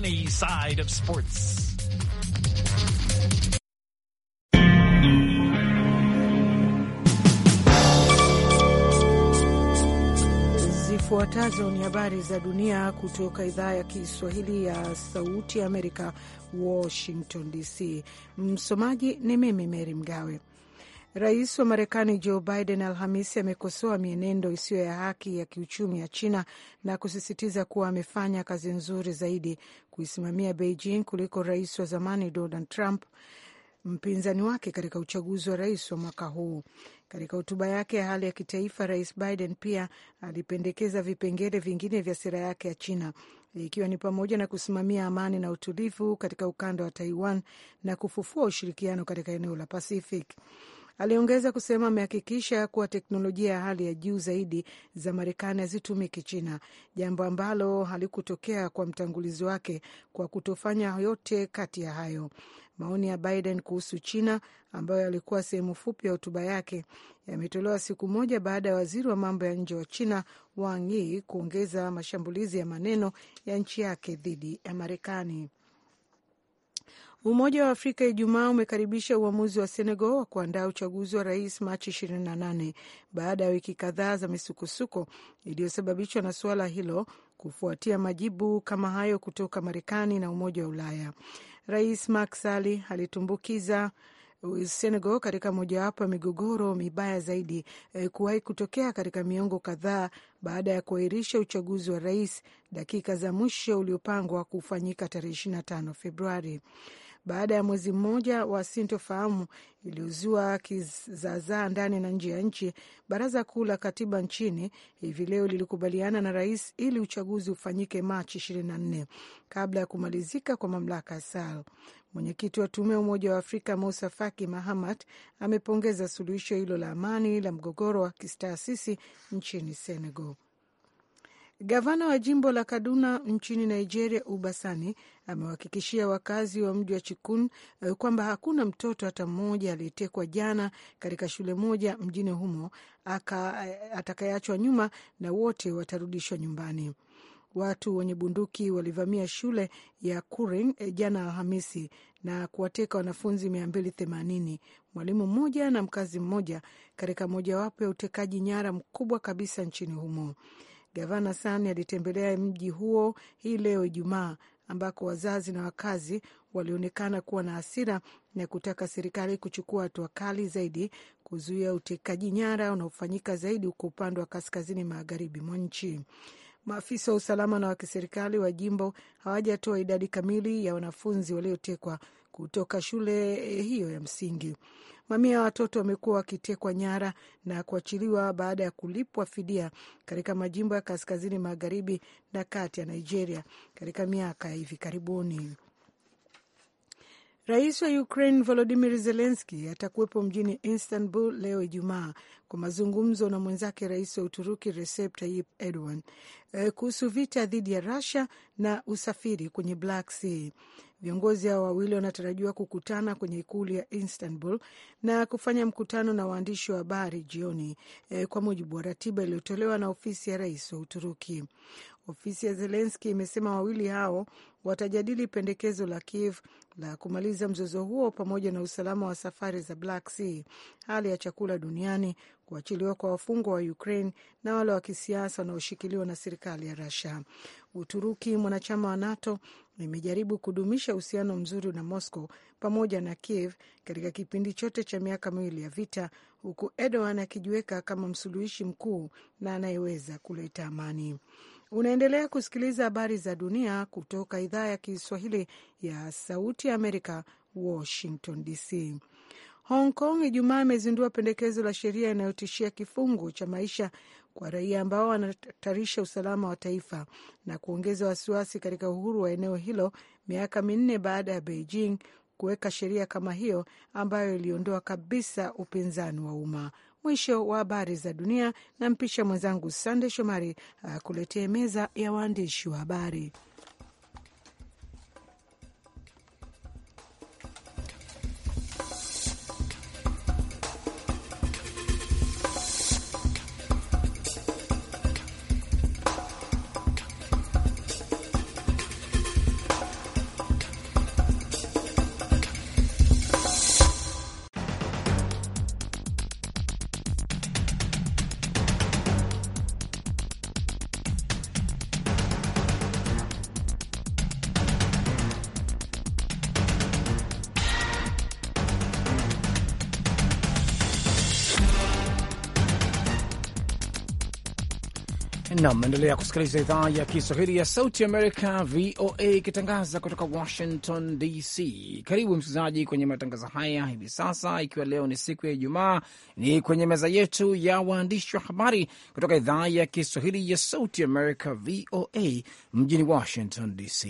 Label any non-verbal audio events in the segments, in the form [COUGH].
sunny side of sports. Zifuatazo ni habari za dunia kutoka idhaa ya Kiswahili ya Sauti ya Amerika, Washington DC. Msomaji ni mimi Meri Mgawe. Rais wa Marekani Joe Biden Alhamisi amekosoa mienendo isiyo ya haki ya kiuchumi ya China na kusisitiza kuwa amefanya kazi nzuri zaidi kuisimamia Beijing kuliko rais wa zamani Donald Trump, mpinzani wake katika uchaguzi wa rais wa mwaka huu. Katika hotuba yake ya hali ya kitaifa, Rais Biden pia alipendekeza vipengele vingine vya sera yake ya China ikiwa ni pamoja na kusimamia amani na utulivu katika ukanda wa Taiwan na kufufua ushirikiano katika eneo la Pacific. Aliongeza kusema amehakikisha kuwa teknolojia ya hali ya juu zaidi za Marekani hazitumiki China, jambo ambalo halikutokea kwa mtangulizi wake kwa kutofanya yote kati ya hayo. Maoni ya Biden kuhusu China ambayo yalikuwa sehemu fupi ya hotuba yake yametolewa siku moja baada ya waziri wa mambo ya nje wa China Wang Yi kuongeza mashambulizi ya maneno ya nchi yake dhidi ya Marekani. Umoja wa Afrika Ijumaa umekaribisha uamuzi wa Senegal wa kuandaa uchaguzi wa rais Machi 28 baada ya wiki kadhaa za misukosuko iliyosababishwa na suala hilo kufuatia majibu kama hayo kutoka Marekani na Umoja wa Ulaya. Rais Macky Sall alitumbukiza Senegal katika mojawapo ya migogoro mibaya zaidi eh, kuwahi kutokea katika miongo kadhaa baada ya kuahirisha uchaguzi wa rais dakika za mwisho uliopangwa kufanyika tarehe 25 Februari baada ya mwezi mmoja wa sintofahamu iliyozua kizazaa ndani na nje ya nchi. Baraza Kuu la Katiba nchini hivi leo lilikubaliana na rais ili uchaguzi ufanyike Machi 24 kabla ya kumalizika kwa mamlaka ya Sal. Mwenyekiti wa tume ya Umoja wa Afrika Musa Faki Mahamat amepongeza suluhisho hilo la amani la mgogoro wa kistaasisi nchini Senegal. Gavana wa jimbo la Kaduna nchini Nigeria, Ubasani, amewahakikishia wakazi wa mji wa Chikun eh, kwamba hakuna mtoto hata mmoja aliyetekwa jana katika shule moja mjini humo eh, atakayeachwa nyuma na wote watarudishwa nyumbani. Watu wenye bunduki walivamia shule ya kuring eh, jana Alhamisi na kuwateka wanafunzi 280 mwalimu mmoja na mkazi mmoja katika mojawapo ya utekaji nyara mkubwa kabisa nchini humo. Gavana Sani alitembelea mji huo hii leo Ijumaa, ambako wazazi na wakazi walionekana kuwa na hasira na kutaka serikali kuchukua hatua kali zaidi kuzuia utekaji nyara unaofanyika zaidi huko upande wa kaskazini magharibi mwa nchi. Maafisa wa usalama na wa kiserikali wa jimbo hawajatoa idadi kamili ya wanafunzi waliotekwa kutoka shule eh, hiyo ya msingi. Mamia ya watoto wamekuwa wakitekwa nyara na kuachiliwa baada ya kulipwa fidia katika majimbo ya kaskazini magharibi na kati ya Nigeria katika miaka ya hivi karibuni. Rais wa Ukraine Volodimir Zelenski atakuwepo mjini Istanbul leo Ijumaa kwa mazungumzo na mwenzake rais wa Uturuki Recep Tayyip Erdogan eh, kuhusu vita dhidi ya Rusia na usafiri kwenye Black Sea. Viongozi hao wawili wanatarajiwa kukutana kwenye ikulu ya Istanbul na kufanya mkutano na waandishi wa habari jioni eh, kwa mujibu wa ratiba iliyotolewa na ofisi ya rais wa Uturuki. Ofisi ya Zelenski imesema wawili hao watajadili pendekezo la Kiev la kumaliza mzozo huo pamoja na usalama wa safari za Black Sea, hali ya chakula duniani, kuachiliwa kwa wafungwa wa Ukraine na wale wa kisiasa wanaoshikiliwa na serikali ya rasia Uturuki, mwanachama wa NATO, imejaribu kudumisha uhusiano mzuri na Moscow pamoja na Kiev katika kipindi chote cha miaka miwili ya vita, huku Erdogan akijiweka kama msuluhishi mkuu na anayeweza kuleta amani. Unaendelea kusikiliza habari za dunia kutoka idhaa ya Kiswahili ya Sauti ya Amerika, Washington DC. Hong Kong Ijumaa imezindua pendekezo la sheria inayotishia kifungo cha maisha kwa raia ambao wanahatarisha usalama wa taifa na kuongeza wasiwasi katika uhuru wa eneo hilo miaka minne baada ya Beijing kuweka sheria kama hiyo ambayo iliondoa kabisa upinzani wa umma. Mwisho wa habari za dunia, na mpisha mwenzangu Sande Shomari akuletee meza ya waandishi wa habari. Nam, mnaendelea kusikiliza idhaa ya Kiswahili ya Sauti Amerika, VOA, ikitangaza kutoka Washington DC. Karibu msikilizaji kwenye matangazo haya hivi sasa, ikiwa leo ni siku ya Ijumaa. Ni kwenye meza yetu ya waandishi wa habari kutoka idhaa ya Kiswahili ya Sauti Amerika, VOA, mjini Washington DC,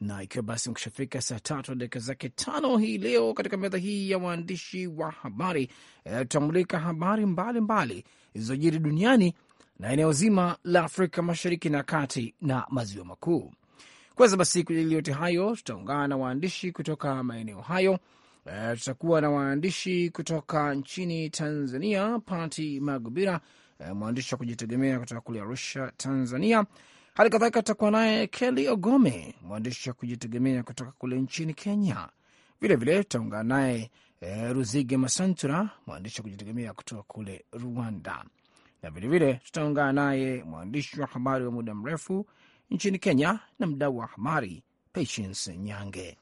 na ikiwa basi mkishafika saa tatu dakika zake tano hii leo, katika meza hii ya waandishi wa habari eh, tutamulika habari mbalimbali zilizojiri duniani na eneo zima la Afrika Mashariki na Kati na Maziwa Makuu. Kwanza basi, kujadili yote hayo, tutaungana na waandishi kutoka maeneo hayo. E, tutakuwa na waandishi kutoka nchini Tanzania, Pati Magubira, e, mwandishi wa kujitegemea kutoka kule Arusha, Tanzania. Hali kadhalika tutakuwa naye Kelly Ogome, mwandishi wa kujitegemea kutoka kule nchini Kenya. Vilevile tutaungana naye e, Ruzige Masantura, mwandishi wa kujitegemea kutoka kule Rwanda na vilevile tutaungana naye mwandishi wa habari wa muda mrefu nchini Kenya na mdau wa habari Patience Nyange.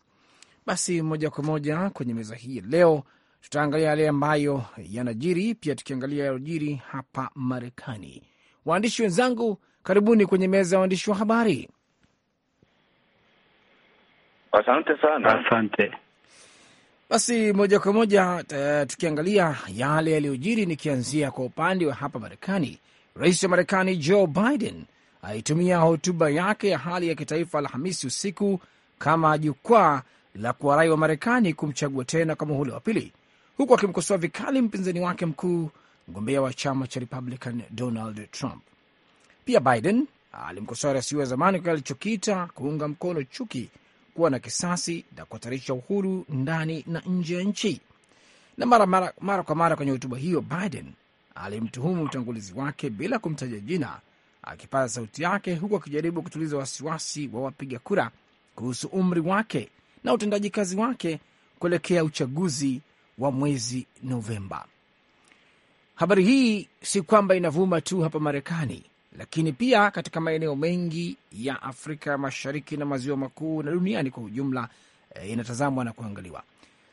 Basi moja kwa moja kwenye meza hii leo tutaangalia yale ambayo yanajiri, pia tukiangalia yalojiri hapa Marekani. Waandishi wenzangu, karibuni kwenye meza ya waandishi wa habari. Asante sana. Asante. Basi moja kwa moja eh, tukiangalia yale yaliyojiri, nikianzia kwa upande wa hapa Marekani, rais wa Marekani Joe Biden aitumia hotuba yake ya hali ya kitaifa Alhamisi usiku kama jukwaa la kuwarai wa Marekani kumchagua tena kwa muhula wa pili, huku akimkosoa vikali mpinzani wake mkuu, mgombea wa chama cha Republican Donald Trump. Pia Biden alimkosoa rais huyo wa zamani kwa alichokiita kuunga mkono chuki kuwa na kisasi na kuhatarisha uhuru ndani na nje ya nchi. Na mara, mara, mara kwa mara kwenye hotuba hiyo Biden alimtuhumu mtangulizi wake bila kumtaja jina, akipata sauti yake huku akijaribu kutuliza wasiwasi wa wapiga kura kuhusu umri wake na utendaji kazi wake kuelekea uchaguzi wa mwezi Novemba. Habari hii si kwamba inavuma tu hapa Marekani, lakini pia katika maeneo mengi ya Afrika Mashariki na maziwa makuu na duniani kwa ujumla e, inatazamwa na kuangaliwa.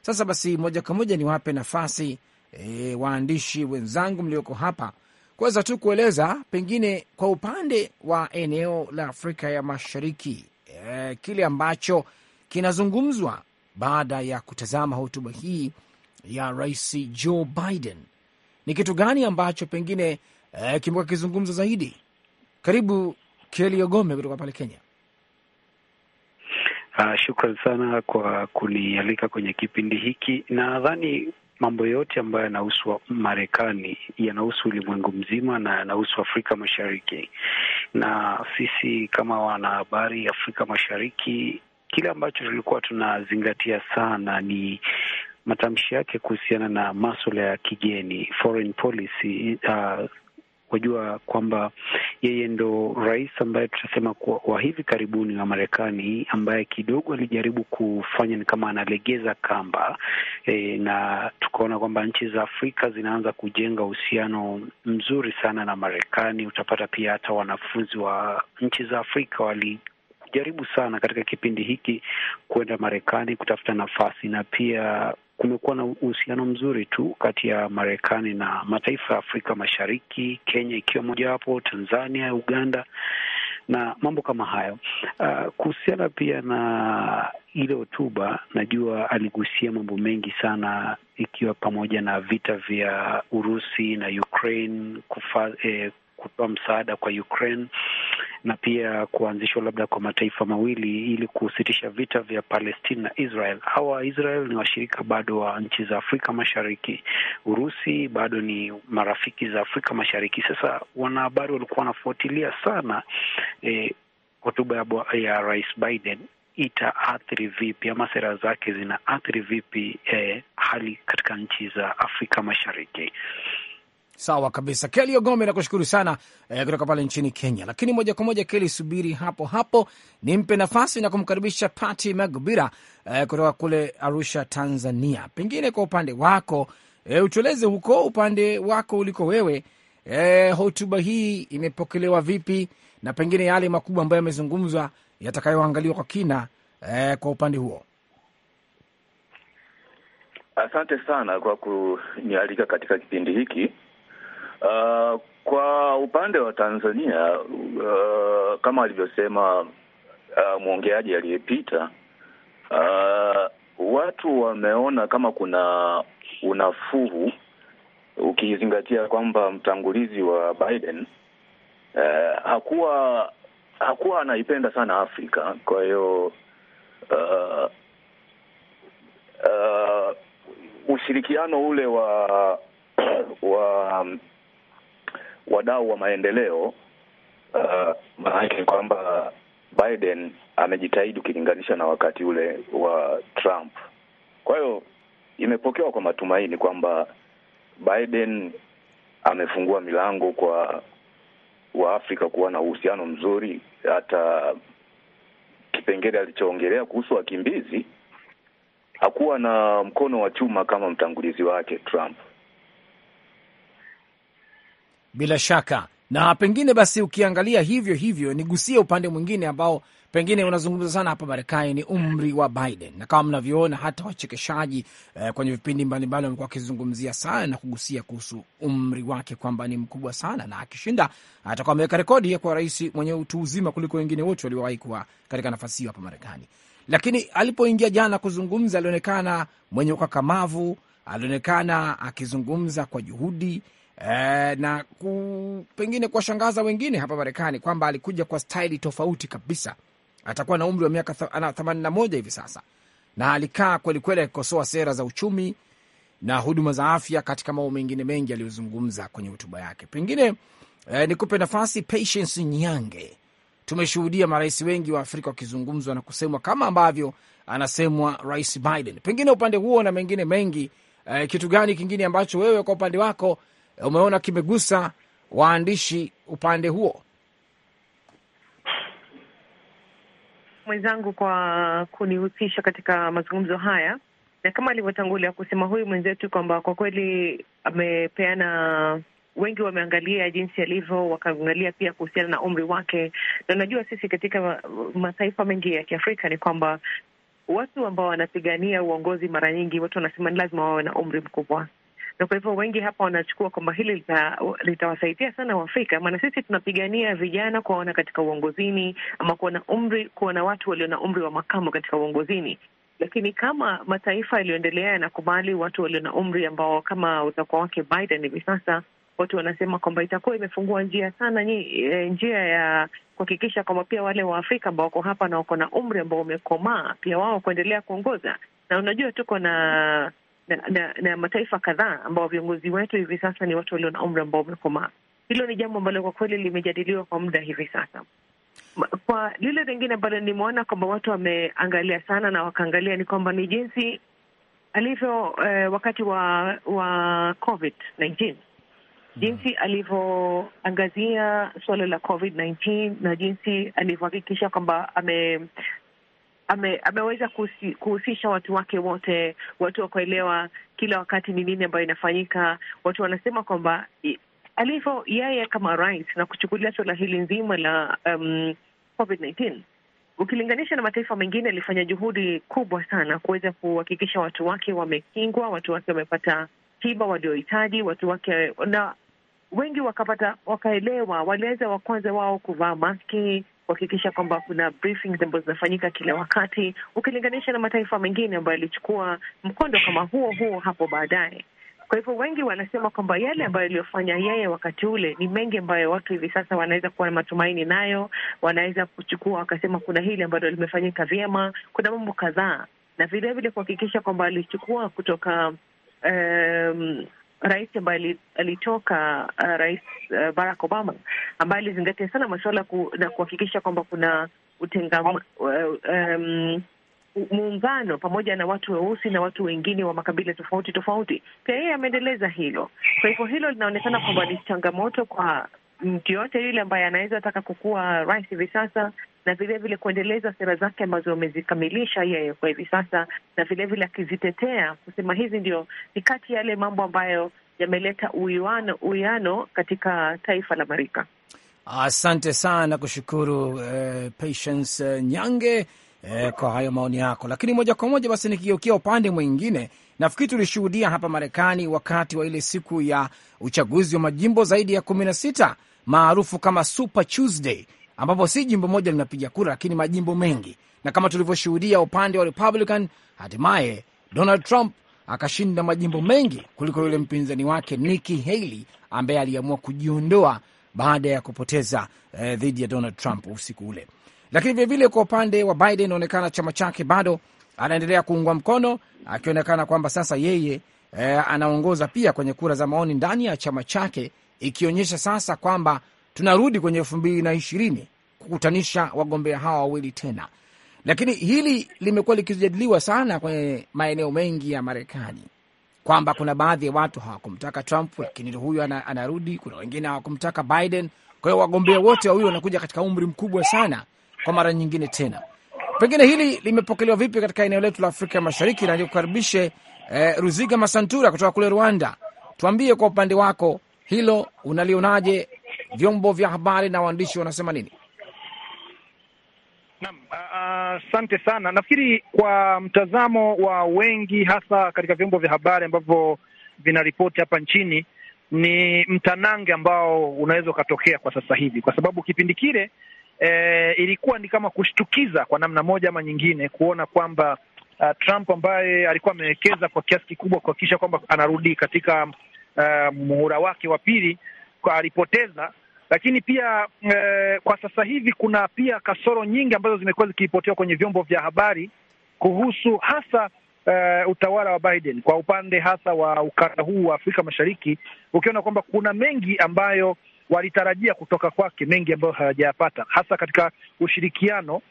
Sasa basi, moja kwa moja niwape nafasi e, waandishi wenzangu mlioko hapa kuweza tu kueleza pengine kwa upande wa eneo la Afrika ya Mashariki e, kile ambacho kinazungumzwa baada ya kutazama hotuba hii ya Rais Joe Biden ni kitu gani ambacho pengine e, kimekuwa kizungumza zaidi karibu keli Ogome kutoka pale Kenya. Uh, shukran sana kwa kunialika kwenye kipindi hiki. Nadhani mambo yote ambayo yanahusu Marekani yanahusu ulimwengu mzima na yanahusu Afrika Mashariki, na sisi kama wanahabari Afrika Mashariki, kile ambacho tulikuwa tunazingatia sana ni matamshi yake kuhusiana na maswala ya kigeni, foreign policy, uh, kujua kwamba yeye ndo rais ambaye tutasema kuwa wa hivi karibuni wa Marekani ambaye kidogo alijaribu kufanya ni kama analegeza kamba e, na tukaona kwamba nchi za Afrika zinaanza kujenga uhusiano mzuri sana na Marekani. Utapata pia hata wanafunzi wa nchi za Afrika wali jaribu sana katika kipindi hiki kwenda Marekani kutafuta nafasi na pia kumekuwa na uhusiano mzuri tu kati ya Marekani na mataifa ya Afrika Mashariki, Kenya ikiwa mojawapo, Tanzania, Uganda na mambo kama hayo. Uh, kuhusiana pia na ile hotuba, najua aligusia mambo mengi sana, ikiwa pamoja na vita vya Urusi na Ukraine kufa, eh, kutoa msaada kwa Ukraine na pia kuanzishwa labda kwa mataifa mawili ili kusitisha vita vya Palestina na Israel. Hawa Israel ni washirika bado wa nchi za Afrika Mashariki. Urusi bado ni marafiki za Afrika Mashariki. Sasa wanahabari walikuwa wanafuatilia sana eh, hotuba eh, ya Rais Biden itaathiri vipi ama sera zake zinaathiri vipi eh, hali katika nchi za Afrika Mashariki. Sawa kabisa, Keli Ogombe, nakushukuru sana eh, kutoka pale nchini Kenya. Lakini moja kwa moja Keli, subiri hapo hapo, nimpe nafasi na kumkaribisha Pati Magubira eh, kutoka kule Arusha, Tanzania. Pengine kwa upande wako eh, utueleze huko upande wako uliko wewe, eh, hotuba hii imepokelewa vipi, na pengine yale makubwa ambayo yamezungumzwa yatakayoangaliwa kwa kina eh, kwa upande huo. Asante sana kwa kunialika katika kipindi hiki. Uh, kwa upande wa Tanzania uh, kama alivyosema uh, mwongeaji aliyepita uh, watu wameona kama kuna unafuu ukizingatia kwamba mtangulizi wa Biden uh, hakuwa hakuwa anaipenda sana Afrika. Kwa hiyo uh, uh, ushirikiano ule wa wa wadau wa maendeleo uh, maana kwamba Biden amejitahidi ukilinganisha na wakati ule wa Trump. Kwa hiyo imepokewa kwa matumaini kwamba Biden amefungua milango kwa Waafrika kuwa na uhusiano mzuri. Hata kipengele alichoongelea kuhusu wakimbizi hakuwa na mkono wa chuma kama mtangulizi wake Trump. Bila shaka na pengine basi, ukiangalia hivyo hivyo, nigusie upande mwingine ambao pengine unazungumza sana hapa Marekani ni umri wa Biden, na kama mnavyoona hata wachekeshaji eh, kwenye vipindi mbalimbali wamekuwa wakizungumzia sana na kugusia kuhusu umri wake kwamba ni mkubwa sana, na akishinda atakuwa ameweka rekodi ya kuwa rais mwenye utu uzima kuliko wengine wote waliowahi kuwa katika nafasi hiyo hapa Marekani. Lakini alipoingia jana kuzungumza, alionekana mwenye ukakamavu, alionekana akizungumza kwa juhudi e, na ku, pengine kuwashangaza wengine hapa Marekani kwamba alikuja kwa staili tofauti kabisa. Atakuwa na umri wa miaka themanini na moja hivi sasa, na alikaa kwelikweli akikosoa sera za uchumi na huduma za afya katika mambo mengine mengi aliyozungumza kwenye hotuba yake. Pengine eh, nikupe nafasi Patience Nyange. Tumeshuhudia marais wengi wa Afrika wakizungumzwa na kusemwa kama ambavyo anasemwa Rais Biden, pengine upande huo na mengine mengi. eh, kitu gani kingine ambacho wewe kwa upande wako umeona kimegusa waandishi upande huo? Mwenzangu kwa kunihusisha katika mazungumzo haya, na kama alivyotangulia kusema huyu mwenzetu kwamba kwa kweli amepeana wengi wameangalia jinsi alivyo, wakaangalia pia kuhusiana na umri wake, na unajua sisi katika mataifa mengi ya Kiafrika ni kwamba watu ambao wanapigania uongozi mara nyingi watu wanasema ni lazima wawe na umri mkubwa na kwa hivyo wengi hapa wanachukua kwamba hili litawasaidia lita sana Waafrika, maana sisi tunapigania vijana kuwaona katika uongozini ama kuwa na umri, kuwa na watu walio na umri wa makamo katika uongozini lakini kama mataifa yaliyoendelea yanakubali watu walio na umri ambao kama utakuwa wake Biden hivi sasa, watu wanasema kwamba itakuwa imefungua njia sana eh, njia ya kuhakikisha kwamba pia wale Waafrika ambao wako hapa na wako na umri ambao umekomaa pia wao kuendelea kuongoza. Na unajua tuko na na, na, na mataifa kadhaa ambao viongozi wetu hivi sasa ni watu walio na umri ambao wamekomaa Hilo ni jambo ambalo kwa kweli limejadiliwa kwa muda hivi sasa. Kwa lile lingine ambalo nimeona kwamba watu wameangalia sana na wakaangalia ni kwamba ni jinsi alivyo eh, wakati wa wa COVID 19 hmm. jinsi alivyoangazia suala la COVID-19 na jinsi alivyohakikisha kwamba ame ame, ameweza kuhusisha watu wake wote, watu wakaelewa kila wakati ni nini ambayo inafanyika. Watu wanasema kwamba alivyo yeye kama rais na kuchukulia suala hili nzima la um, COVID-19 ukilinganisha na mataifa mengine, alifanya juhudi kubwa sana kuweza kuhakikisha watu wake wamekingwa, watu wake wamepata tiba waliohitaji, watu wake na wengi wakapata wakaelewa, waliweza wa kwanza wao kuvaa maski kuhakikisha kwamba kuna briefings ambazo zinafanyika kila wakati, ukilinganisha na mataifa mengine ambayo yalichukua mkondo kama huo huo hapo baadaye. Kwa hivyo wengi wanasema kwamba yale ambayo aliyofanya yeye wakati ule ni mengi ambayo watu hivi sasa wanaweza kuwa na matumaini nayo, wanaweza kuchukua wakasema, kuna hili ambalo limefanyika vyema, kuna mambo kadhaa, na vilevile kuhakikisha kwamba alichukua kutoka um, rais ambaye alitoka uh, Rais uh, Barack Obama ambaye alizingatia sana masuala ku, na kuhakikisha kwamba kuna utengam, uh, um, muungano pamoja na watu weusi na watu wengine wa makabila tofauti tofauti. Pia yeye ameendeleza hilo, kwa hivyo hilo linaonekana kwamba ni changamoto kwa mtu yote yule ambaye anaweza taka kukuwa rais hivi sasa na vilevile kuendeleza sera zake ambazo amezikamilisha yeye kwa hivi sasa, na vilevile akizitetea kusema hizi ndio ni kati ya yale mambo ambayo yameleta uwiano uwiano katika taifa la Marika. Asante sana kushukuru eh, Patience eh, Nyange eh, kwa hayo maoni yako. Lakini moja kwa moja basi nikigeukia upande mwingine, nafikiri tulishuhudia hapa Marekani wakati wa ile siku ya uchaguzi wa majimbo zaidi ya kumi na sita maarufu kama Super Tuesday ambapo si jimbo moja linapiga kura, lakini majimbo mengi, na kama tulivyoshuhudia upande wa Republican, hatimaye Donald Trump akashinda majimbo mengi kuliko yule mpinzani wake Nikki Haley ambaye aliamua kujiondoa baada ya kupoteza eh, dhidi ya Donald Trump usiku ule. Lakini vilevile kwa upande wa Biden, inaonekana chama chake bado anaendelea kuungwa mkono, akionekana kwamba sasa yeye eh, anaongoza pia kwenye kura za maoni ndani ya chama chake, ikionyesha sasa kwamba tunarudi kwenye elfu mbili na ishirini kukutanisha wagombea hawa wawili tena. Lakini hili limekuwa likijadiliwa sana kwenye maeneo mengi ya Marekani kwamba kuna baadhi ya watu hawakumtaka Trump, lakini huyu anarudi. Kuna wengine hawakumtaka Biden. Kwa hiyo wagombea wote wawili wanakuja katika umri mkubwa sana kwa mara nyingine tena. Pengine hili limepokelewa vipi katika eneo letu la Afrika Mashariki? Na nikukaribishe eh, Ruziga Masantura kutoka kule Rwanda. Tuambie kwa upande wako hilo unalionaje, vyombo vya habari na waandishi wanasema nini? Naam, asante uh, sana. Nafikiri kwa mtazamo wa wengi, hasa katika vyombo vya habari ambavyo vinaripoti hapa nchini, ni mtanange ambao unaweza ukatokea kwa sasa hivi, kwa sababu kipindi kile e, ilikuwa ni kama kushtukiza kwa namna moja ama nyingine, kuona kwamba uh, Trump ambaye alikuwa amewekeza kwa kiasi kikubwa kuhakikisha kwamba anarudi katika uh, muhula wake wa pili alipoteza, lakini pia e, kwa sasa hivi kuna pia kasoro nyingi ambazo zimekuwa zikiripotiwa kwenye vyombo vya habari kuhusu hasa e, utawala wa Biden kwa upande hasa wa ukanda huu wa Afrika Mashariki, ukiona kwamba kuna mengi ambayo walitarajia kutoka kwake, mengi ambayo hawajayapata hasa katika ushirikiano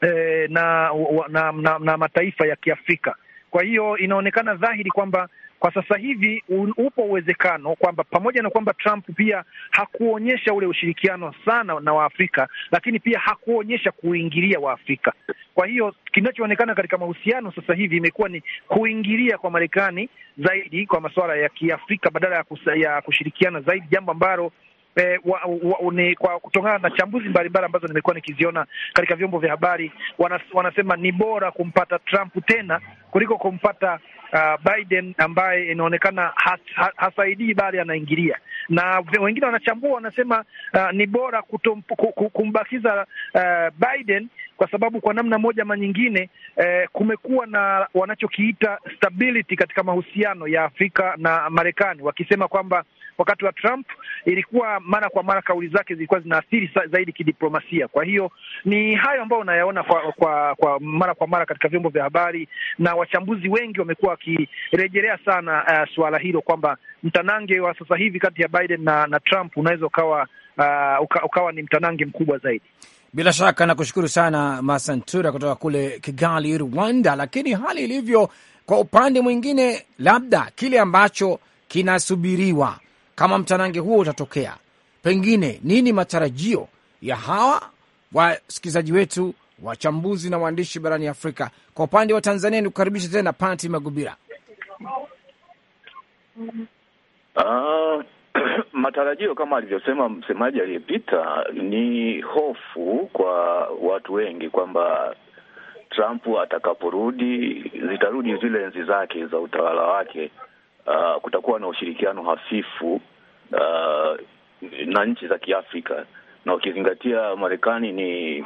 na, eh, na, na, na, na mataifa ya Kiafrika. Kwa hiyo inaonekana dhahiri kwamba kwa sasa hivi upo uwezekano kwamba pamoja na kwamba Trump pia hakuonyesha ule ushirikiano sana na Waafrika, lakini pia hakuonyesha kuingilia Waafrika. Kwa hiyo kinachoonekana katika mahusiano sasa hivi imekuwa ni kuingilia kwa Marekani zaidi kwa masuala ya Kiafrika badala ya, kusa, ya kushirikiana zaidi, jambo ambalo E, wa, wa, ni, kwa kutokana na chambuzi mbalimbali ambazo nimekuwa nikiziona katika vyombo vya habari, wanas, wanasema ni bora kumpata Trump tena kuliko kumpata uh, Biden ambaye inaonekana has, has, hasaidii bali anaingilia, na wengine wanachambua wanasema, uh, ni bora kumbakiza uh, Biden kwa sababu kwa namna moja ama nyingine eh, kumekuwa na wanachokiita stability katika mahusiano ya Afrika na Marekani, wakisema kwamba wakati wa Trump ilikuwa mara kwa mara kauli zake zilikuwa zinaathiri zaidi kidiplomasia. Kwa hiyo ni hayo ambayo unayaona kwa, kwa, kwa mara kwa mara katika vyombo vya habari na wachambuzi wengi wamekuwa wakirejelea sana uh, suala hilo kwamba mtanange wa sasa hivi kati ya Biden na, na Trump unaweza ukawa uh, uka, ukawa ni mtanange mkubwa zaidi. Bila shaka nakushukuru sana Masantura kutoka kule Kigali, Rwanda. Lakini hali ilivyo kwa upande mwingine, labda kile ambacho kinasubiriwa kama mtanange huo utatokea, pengine nini matarajio ya hawa wasikilizaji wetu wachambuzi na waandishi barani Afrika? Kwa upande wa Tanzania, nikukaribisha tena Pati Magubira. Uh, [CLEARS THROAT] matarajio kama alivyosema msemaji aliyepita ni hofu kwa watu wengi kwamba Trump atakaporudi zitarudi zile enzi zake za utawala wake Uh, kutakuwa na ushirikiano hafifu uh, na nchi za Kiafrika, na ukizingatia Marekani ni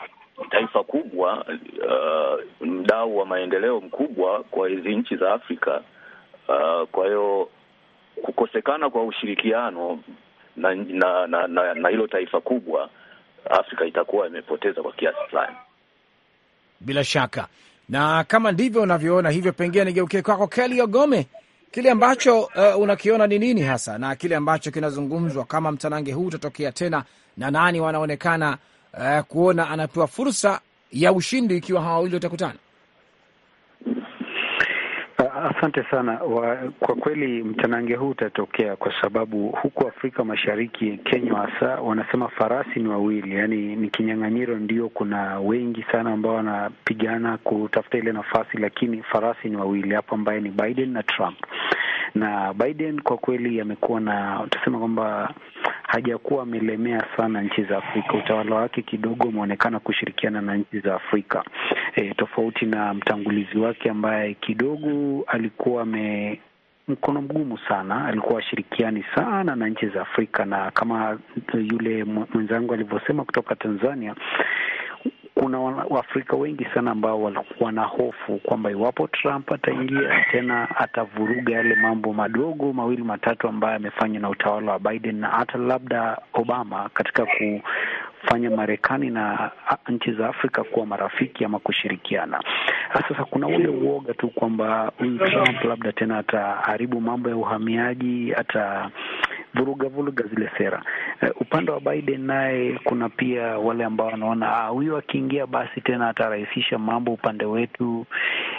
taifa kubwa, uh, mdau wa maendeleo mkubwa kwa hizi nchi za Afrika. Uh, kwa hiyo kukosekana kwa ushirikiano na na, na, na, na hilo taifa kubwa, Afrika itakuwa imepoteza kwa kiasi fulani, bila shaka. Na kama ndivyo unavyoona hivyo, pengine nigeukie kwako Kelly Ogome kile ambacho uh, unakiona ni nini hasa na kile ambacho kinazungumzwa, kama mtanange huu utatokea tena na nani wanaonekana uh, kuona anapewa fursa ya ushindi ikiwa hawa wawili watakutana? Asante sana wa, kwa kweli mtanange huu utatokea kwa sababu huku Afrika Mashariki, Kenya hasa, wanasema farasi ni wawili, yaani ni kinyang'anyiro, ndio kuna wengi sana ambao wanapigana kutafuta ile nafasi, lakini farasi ni wawili hapo, ambaye ni Biden na Trump. Na Biden kwa kweli amekuwa na utasema kwamba hajakuwa amelemea sana nchi za Afrika. Utawala wake kidogo umeonekana kushirikiana na nchi za Afrika e, tofauti na mtangulizi wake ambaye kidogo alikuwa ame mkono mgumu sana, alikuwa ashirikiani sana na nchi za Afrika, na kama yule mwenzangu alivyosema kutoka Tanzania, kuna Waafrika wengi sana ambao walikuwa na hofu kwamba iwapo Trump ataingia tena atavuruga yale mambo madogo mawili matatu ambayo amefanywa na utawala wa Biden na hata labda Obama katika ku fanya Marekani na nchi za Afrika kuwa marafiki ama kushirikiana. Ah, sasa kuna ule uoga tu kwamba huyu Trump labda tena ataharibu mambo ya uhamiaji, ata vuruga vuruga zile sera. Uh, upande wa Biden naye kuna pia wale ambao wanaona ah, akiingia basi tena atarahisisha mambo upande wetu.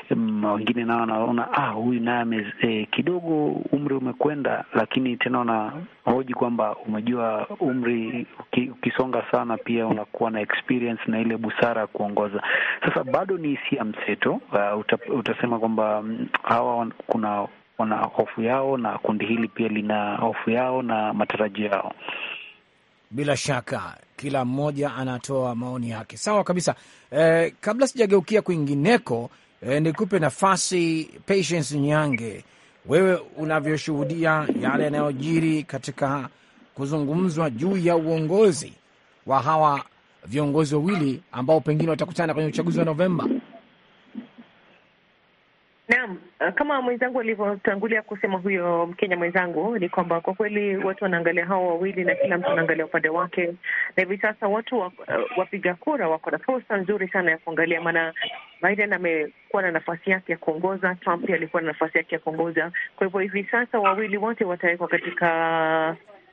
Mm, wengine nao wanaona ah, huyu naye eh, kidogo umri umekwenda, lakini tena wanahoji kwamba umejua umri ukisonga sana pia unakuwa na experience na ile busara ya kuongoza. Sasa bado ni hisia mseto. Uh, utasema kwamba mm, hawa kuna wana hofu yao, na kundi hili pia lina hofu yao na matarajio yao. Bila shaka kila mmoja anatoa maoni yake, sawa kabisa. Eh, kabla sijageukia kwingineko, eh, nikupe nafasi Patience Nyange, wewe unavyoshuhudia yale yanayojiri katika kuzungumzwa juu ya uongozi wa hawa viongozi wawili ambao pengine watakutana kwenye uchaguzi wa Novemba. Eh, kama mwenzangu alivyotangulia kusema huyo Mkenya mwenzangu, ni kwamba kwa kweli watu wanaangalia hao wawili na kila mtu anaangalia upande wake, na hivi sasa watu wa, uh, wapiga kura wako na fursa nzuri sana ya kuangalia, maana Biden amekuwa na nafasi yake ya kuongoza, Trump alikuwa na nafasi yake ya kuongoza. Kwa hivyo hivi sasa wawili wote watawekwa katika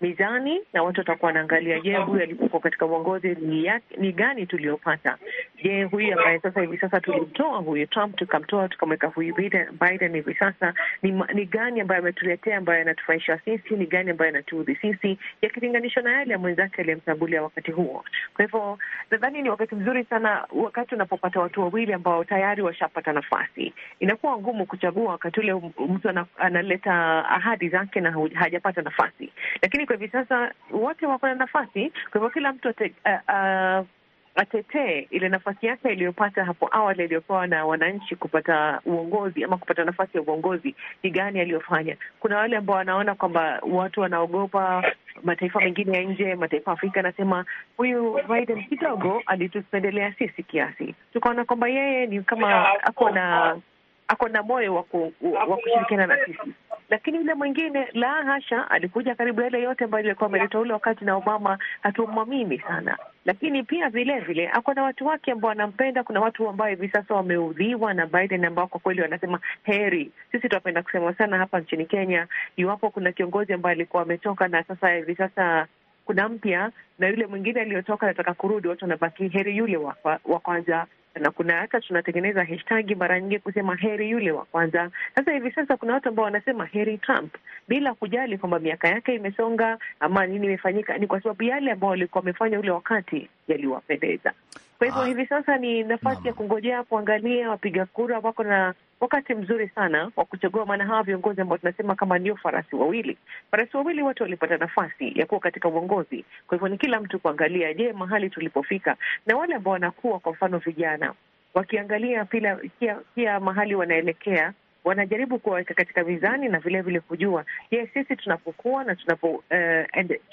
mizani na watu watakuwa wanaangalia, je, huyu alipokuwa katika uongozi ni, ni gani tuliopata? Je, huyu ambaye sasa hivi sasa tulimtoa huyu Trump tukamtoa tukamweka huyu Biden hivi sasa ni, ni gani ambayo ametuletea ambayo yanatufurahisha sisi, ni gani ambayo yanatuudhi sisi, yakilinganishwa na yale ya mwenzake aliyemtangulia wakati huo. Kwa hivyo nadhani ni wakati mzuri sana, wakati unapopata watu wawili ambao tayari washapata nafasi, inakuwa ngumu kuchagua wakati ule mtu analeta ahadi zake na hajapata nafasi, lakini kwa hivi sasa wote wako na nafasi. Kwa hivyo kila mtu ate, uh, uh, atetee ile nafasi yake iliyopata hapo awali aliyopewa na wananchi kupata uongozi ama kupata nafasi ya uongozi, ni gani aliyofanya. Kuna wale ambao wanaona kwamba watu wanaogopa mataifa mengine ya nje, mataifa ya Afrika, anasema huyu Biden kidogo alituspendelea sisi kiasi, tukaona kwamba yeye ni kama ako na ako na moyo wa kushirikiana na sisi. Lakini yule mwingine la hasha, alikuja karibu yale yote ambayo ilikuwa ameleta ule wakati na Obama, hatumwamini sana. Lakini pia vile vile ako na watu wake ambao wanampenda. Kuna watu ambao hivi sasa wameudhiwa na Biden ambao kwa kweli wanasema heri. Sisi tunapenda kusema sana hapa nchini Kenya, iwapo kuna kiongozi ambaye alikuwa ametoka na sasa hivi sasa kuna mpya na yule mwingine aliyotoka anataka kurudi, watu wanabaki heri yule wa kwanza na kuna hata tunatengeneza hashtag mara nyingi kusema heri yule wa kwanza. Sasa hivi sasa kuna watu ambao wanasema heri Trump bila kujali kwamba miaka yake imesonga ama nini imefanyika, ni kwa sababu yale ambao walikuwa wamefanya ule wakati yaliwapendeza. Kwa hivyo ah. hivi sasa ni nafasi ya kungojea kuangalia wapiga kura wako na wakati mzuri sana wa kuchagua maana hawa viongozi ambao tunasema kama ndio farasi wawili. Farasi wawili watu walipata nafasi ya kuwa katika uongozi, kwa hivyo ni kila mtu kuangalia, je, mahali tulipofika na wale ambao wanakuwa, kwa mfano vijana wakiangalia pia, pia mahali wanaelekea wanajaribu kuwaweka katika mizani na vilevile vile kujua yes, sisi tunapokuwa na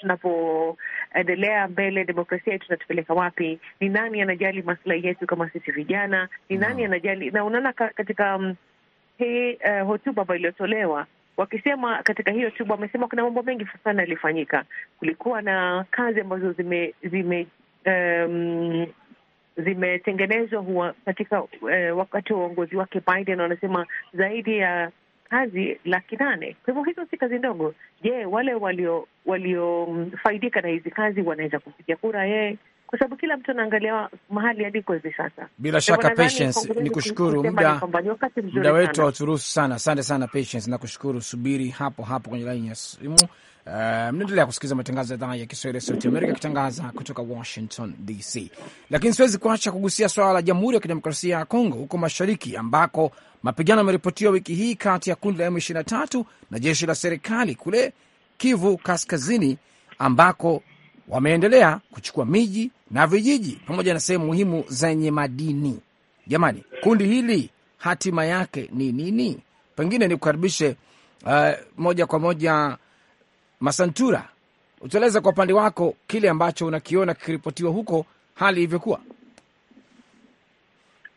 tunapoendelea eh, uh, mbele, demokrasia yetu inatupeleka wapi? Ni nani anajali maslahi yetu kama sisi vijana? Ni mm-hmm. nani anajali? Na unaona katika um, hii uh, hotuba ambayo iliyotolewa wakisema katika hiyo hotuba wamesema kuna mambo mengi sana yalifanyika. Kulikuwa na kazi ambazo zime, zime um, zimetengenezwa katika eh, wakati wa uongozi wake Biden, wanasema zaidi ya kazi laki nane. Kwa hivyo hizo si kazi ndogo. Je, wale waliofaidika na hizi kazi wanaweza kupiga kura yeye? Eh, kwa sababu kila mtu anaangalia mahali aliko hivi sasa. Bila shaka Patience, ni kushukuru muda muda wetu hauturuhusu sana. Asante sana Patience, nakushukuru. Subiri hapo hapo kwenye laini ya simu. Uh, mnaendelea kusikiliza matangazo ya idhaa ya Kiswahili ya Sauti Amerika akitangaza kutoka Washington DC, lakini siwezi kuacha kugusia swala la Jamhuri ya Kidemokrasia ya Kongo huko mashariki, ambako mapigano yameripotiwa wiki hii kati ya kundi la M23 na jeshi la serikali kule Kivu Kaskazini, ambako wameendelea kuchukua miji na vijiji pamoja na sehemu muhimu zenye madini. Jamani, kundi hili hatima yake ni nini? Pengine nikukaribishe uh, moja kwa moja Masantura, utueleza kwa upande wako kile ambacho unakiona kikiripotiwa huko, hali ilivyokuwa.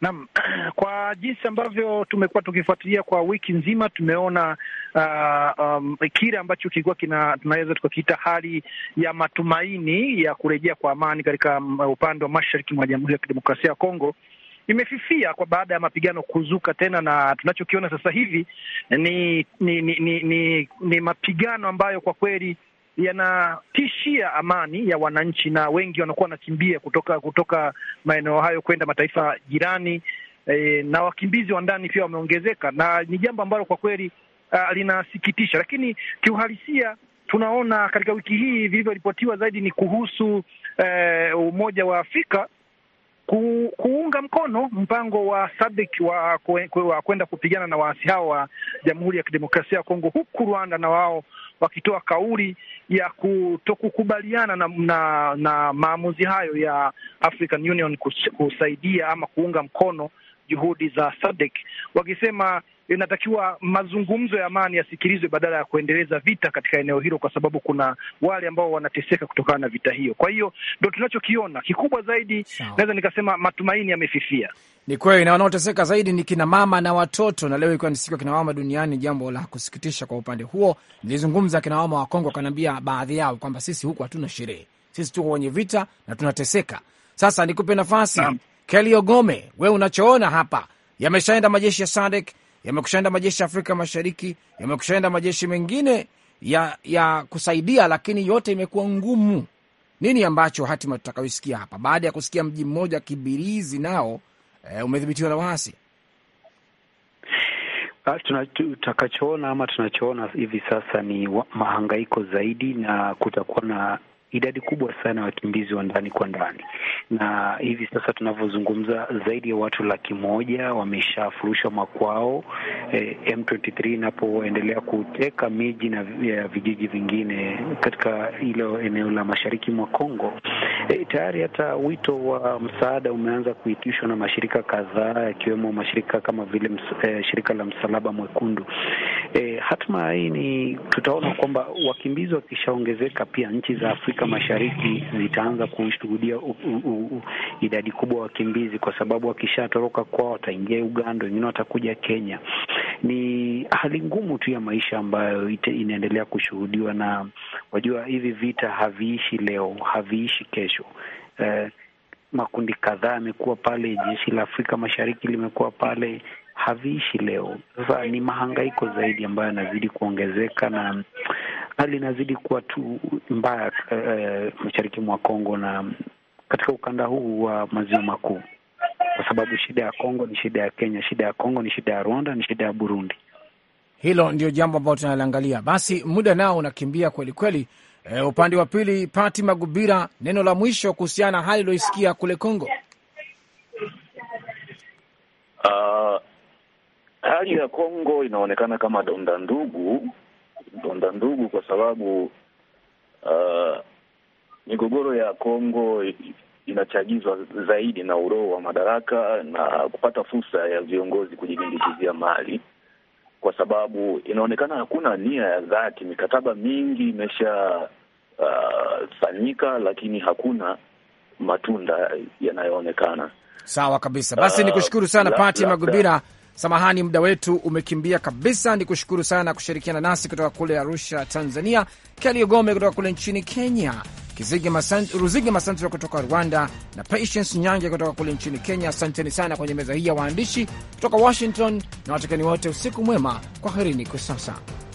Naam, [CLEARS THROAT] kwa jinsi ambavyo tumekuwa tukifuatilia kwa wiki nzima, tumeona uh, um, kile ambacho kilikuwa tunaweza tukakiita hali ya matumaini ya kurejea kwa amani katika um, upande wa mashariki mwa Jamhuri ya Kidemokrasia ya Kongo imefifia kwa baada ya mapigano kuzuka tena, na tunachokiona sasa hivi ni ni ni, ni, ni, ni mapigano ambayo kwa kweli yanatishia amani ya wananchi, na wengi wanakuwa wanakimbia kutoka kutoka maeneo hayo kwenda mataifa jirani. E, na wakimbizi wa ndani pia wameongezeka, na ni jambo ambalo kwa kweli uh, linasikitisha, lakini kiuhalisia tunaona katika wiki hii vilivyoripotiwa zaidi ni kuhusu eh, Umoja wa Afrika ku, kuunga mkono mpango wa sadik wa kwenda kwe, kupigana na waasi hao wa Jamhuri ya Kidemokrasia ya Kongo, huku Rwanda na wao wakitoa kauli ya kutokukubaliana na, na, na maamuzi hayo ya African Union kus, kusaidia ama kuunga mkono juhudi za sadik wakisema inatakiwa mazungumzo ya amani yasikilizwe badala ya kuendeleza vita katika eneo hilo, kwa sababu kuna wale ambao wanateseka kutokana na vita hiyo. Kwa hiyo ndo tunachokiona kikubwa zaidi, naweza nikasema matumaini yamefifia. Ni kweli, na wanaoteseka zaidi ni kina mama na watoto, na leo ikiwa ni siku ya kina mama duniani, jambo la kusikitisha kwa upande huo. Nilizungumza kina mama wa Kongo, wakaniambia baadhi yao kwamba sisi huku hatuna sherehe, sisi tuko kwenye vita na tunateseka. Sasa nikupe nafasi Kelly Ogome, wewe unachoona hapa, yameshaenda majeshi ya Sadek yamekushaenda majeshi ya Afrika Mashariki, yamekushaenda majeshi mengine ya, ya kusaidia, lakini yote imekuwa ngumu. Nini ambacho hatima tutakayoisikia hapa baada ya kusikia mji mmoja Kibirizi nao e, umedhibitiwa na waasi? Ah, tutakachoona ama tunachoona hivi sasa ni mahangaiko zaidi, na kutakuwa na idadi kubwa sana ya wakimbizi wa ndani kwa ndani, na hivi sasa tunavyozungumza zaidi ya watu laki moja wameshafurushwa makwao, eh, M23 inapoendelea kuteka miji na ya vijiji vingine katika hilo eneo la mashariki mwa Kongo. Eh, tayari hata wito wa msaada umeanza kuitishwa na mashirika kadhaa yakiwemo mashirika kama vile ms, eh, shirika la Msalaba Mwekundu. Eh, hatma hii ni tutaona kwamba wakimbizi wakishaongezeka pia nchi za Afrika Afrika Mashariki zitaanza kushuhudia idadi kubwa ya wakimbizi, kwa sababu wakishatoroka kwao wataingia Uganda, wengine watakuja Kenya. Ni hali ngumu tu ya maisha ambayo inaendelea kushuhudiwa, na wajua, hivi vita haviishi leo, haviishi kesho. Eh, makundi kadhaa yamekuwa pale, jeshi la Afrika Mashariki limekuwa pale, haviishi leo. Sasa ni mahangaiko zaidi ambayo yanazidi kuongezeka na hali inazidi kuwa tu mbaya uh, mashariki mwa Kongo na katika ukanda huu wa maziwa makuu, kwa sababu shida ya Kongo ni shida ya Kenya, shida ya Kongo ni shida ya Rwanda, ni shida ya Burundi. Hilo ndio jambo ambalo tunaliangalia. Basi muda nao unakimbia kweli kweli. E, upande wa pili, Pati Magubira, neno la mwisho kuhusiana na hali ulioisikia kule Kongo. Uh, hali ya Kongo inaonekana kama donda ndugu donda ndugu, kwa sababu uh, migogoro ya Kongo inachagizwa zaidi na uroho wa madaraka na kupata fursa ya viongozi kujilimbikizia mali, kwa sababu inaonekana hakuna nia ya dhati. Mikataba mingi imeshafanyika, uh, lakini hakuna matunda yanayoonekana. Sawa kabisa, basi uh, kushukuru sana Pati Magubira. Samahani, muda wetu umekimbia kabisa. Ni kushukuru sana kushirikiana nasi kutoka kule Arusha, Tanzania, Kaliogome kutoka kule nchini Kenya, ruzige Masantura kutoka Rwanda na Patience Nyange kutoka kule nchini Kenya. Asanteni sana kwenye meza hii ya waandishi kutoka Washington na watikani wote. Usiku mwema, kwaherini kwa sasa.